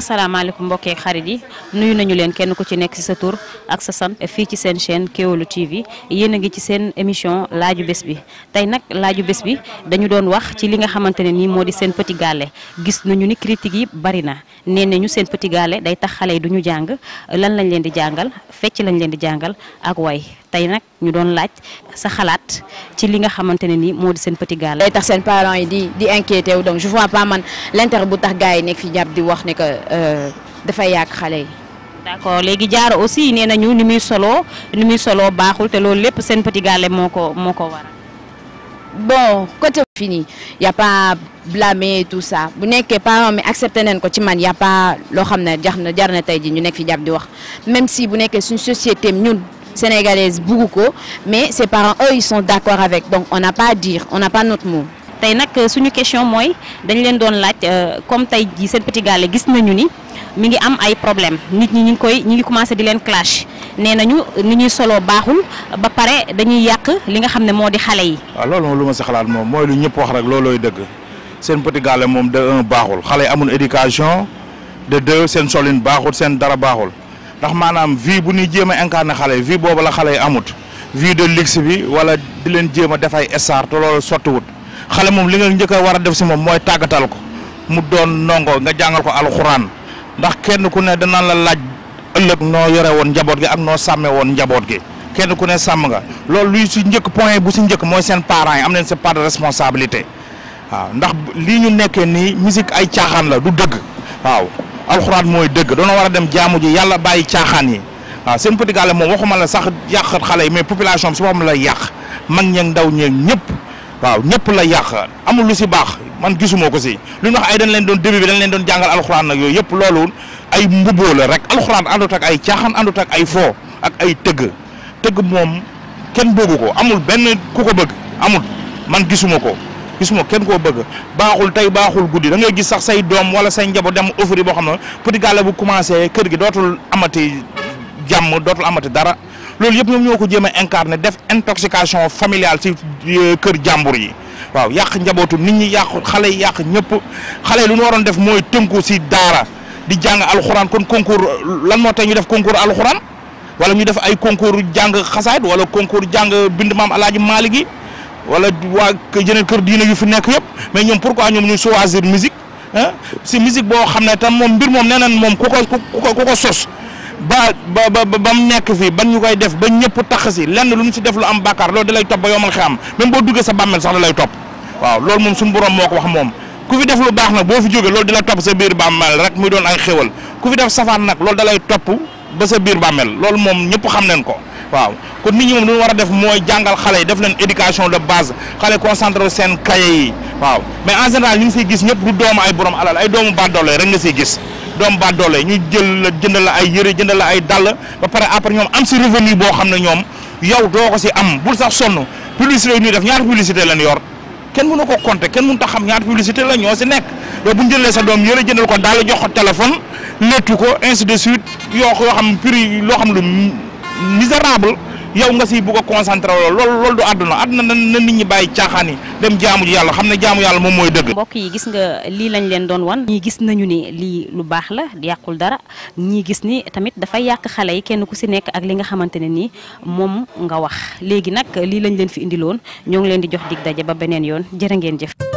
asalaamaaleykum mbokki xarit yi nuyu nañu leen kenn ku ci nekk ci sa tur ak sa sant fii ci seen chaîne Kéwoulo TV yéen a ngi ci seen émission laaju bés bi tey nag laaju bés bi dañu doon wax ci li nga xamante ne nii moo di seen Petit Gallé gis nañu ni critique yi bari na nee nañu Sen Petit day tax xale yi du ñu jàng lan lañ leen di jàngal fecc lañ leen di jàngal ak way tay nak ñu doon laaj sa xalaat ci li nga xamante ni moo di seen petit gàll. day tax sen parents yi di di inquiéter donc je vois pas man l'intérêt bu tax gars yi nekk fi japp di wax ne que euh, dafay yàq yak xalé d'accord légui jaar aussi nee ñu ni muy solo ni muy solo baaxul té lool lepp sen petit gàll moo moko moo ko bon côté fini y a pas blâmer tout ça bu nekkee parents mais accepté nañ ko ci man y a pas lo xam jaxna jarna tay ji ñu nek fi japp di wax même si bu nekkee suñ société ñun sénégalaise Bougouko, mais ses parents, eux, ils sont d'accord avec. Donc, on n'a pas à dire, on n'a pas notre mot. Tay nak euh, suñu question moy dañ leen doon laaj euh, comme tay ji Sen Petit Gallé gis nañu ni mi ngi am ay problème nit ñi ñu ngi koy ñi ngi commencé di leen clash nee nañu ni ñuy solo baaxul ba paré dañuy yàq li nga xamné modi xalé yi. waaw loolu luma sa ma si xalaat moom mooy lu ñepp wax rek loolooy deug Sen Petit galé, mom de un baaxul xalé amun éducation de deux sen solin baaxul sen dara baaxul. ndax manam vi bu ni jema incarner xalé vi bobu la xalé amut vi de luxe bi wala di len jema defay sr to lolou te wut xalé mom moom li nga ñëk wara def ci mom moy tagatal ko mu doon nongo nga jangal ko alcorane ndax kenn ku ne na la laaj ëlëk no yore won njabot gi ak no samé won njabot gi kenn ku ne sam nga lolou luy ci ñëk point bu ci ñëk moy sen parents yi am len ce part de responsabilité waaw ndax li ñu nekké ni musique ay tiaxan la du deug waaw alxuraan mooy dëgg doona war a dem jaamu ji yàlla bàyyi caaxaan yi waaw seen Petit Galle moom waxuma la sax yàqat xale yi mais population si su boppam lay yàq mag ñeeg ndaw ñeeg ñëpp waaw ñëpp la yàq amul lu si baax man gisuma ko si lu ñu wax ay dañ leen doon début bi dañ leen doon jàngal alxuraan nag yooyu yëpp loolu ay mbubboo la rek alxuraan àndut ak ay caaxaan àndut ak ay foo ak ay tëgg tëgg moom kenn bëggu ko amul benn ku ko bëgg amul man gisuma ko gisuma kenn koo bëgg baaxul tey baaxul guddi da ngay gis sax say doom wala say njaboot dem offre boo xam ne petit gàlle bu commencé kër gi dootul amati jàmm dootul amati dara loolu yëpp ñoom ñoo ko jéem a incarné def intoxication familiale ci euh, kër jàmbur yi waaw yàq njabootu nit ñi yàqu xale yi yàq ñëpp xale yi lu ñu waroon def mooy tënku si daara di jàng alxuraan kon concours lan moo tax ñu def concours alxuraan wala ñu def ay concours jàng xasaayit wala concours jàng bind maam alaaji maali gi wala ke yeneen kër diina yu fi nek yëpp mais ñom pourquoi ñom ñu choisir musique ah si musique bo xam tam mom bir mom nenañ mom moom ku ko ku ko sos ba ba ba ba mu nekk fii ban ñu koy def ba ñepp tax ci lenn lu mu def lu am bakkar loolu dalay top ba yomal xam même bo duggé sa bammel sax dalay top waaw lool mom suñu borom moko wax mom ku fi def lu bax nak, bo fi joggé lool dina top sa bir bammel rek muy doon ay xéwal ku fi def safaan nak, lool dalay top ba sa bir bammel lool mom ñepp xam nañ ko waaw kon nit ñi moom lu ñu war a def mooy jàngal xale yi def leen éducation de base xale concentré seen cahier yi waaw mais en général ñu ngi siy gis ñëpp du doomu ay borom alal ay doomu baadoolo rek nga siy gis doomu baadoolo ñu jël la jënd la ay yëre jënd la ay dàll ba pare après ñoom am si revenu boo xam ne ñoom yow doo ko si am bul sax sonn publicité yi ñuy def ñaar publicité lañ yor kenn mënu ko compter kenn mënu ta xam ñaar publicité la ñoo si nekk loolu bu ñu jëlee ko dàll jox loo xam miserable yow nga siy bugg a concentré lool loolu loolu du aduna na nit ñi bàyyi caaxaan dem jaamu yalla xamne jaamu yalla mom moy deug mbokk yi gis nga li lañ leen doon won ñi gis nañu ni li lu bax la yàqul dara ñi gis ni tamit dafa yàq xalé yi kenn ku ci nekk ak li nga xamantene ni mom nga wax legi nak li lañ leen fi indi ñoo ñong leen di jox dig dajje ba benen yoon jere ngeen jëf.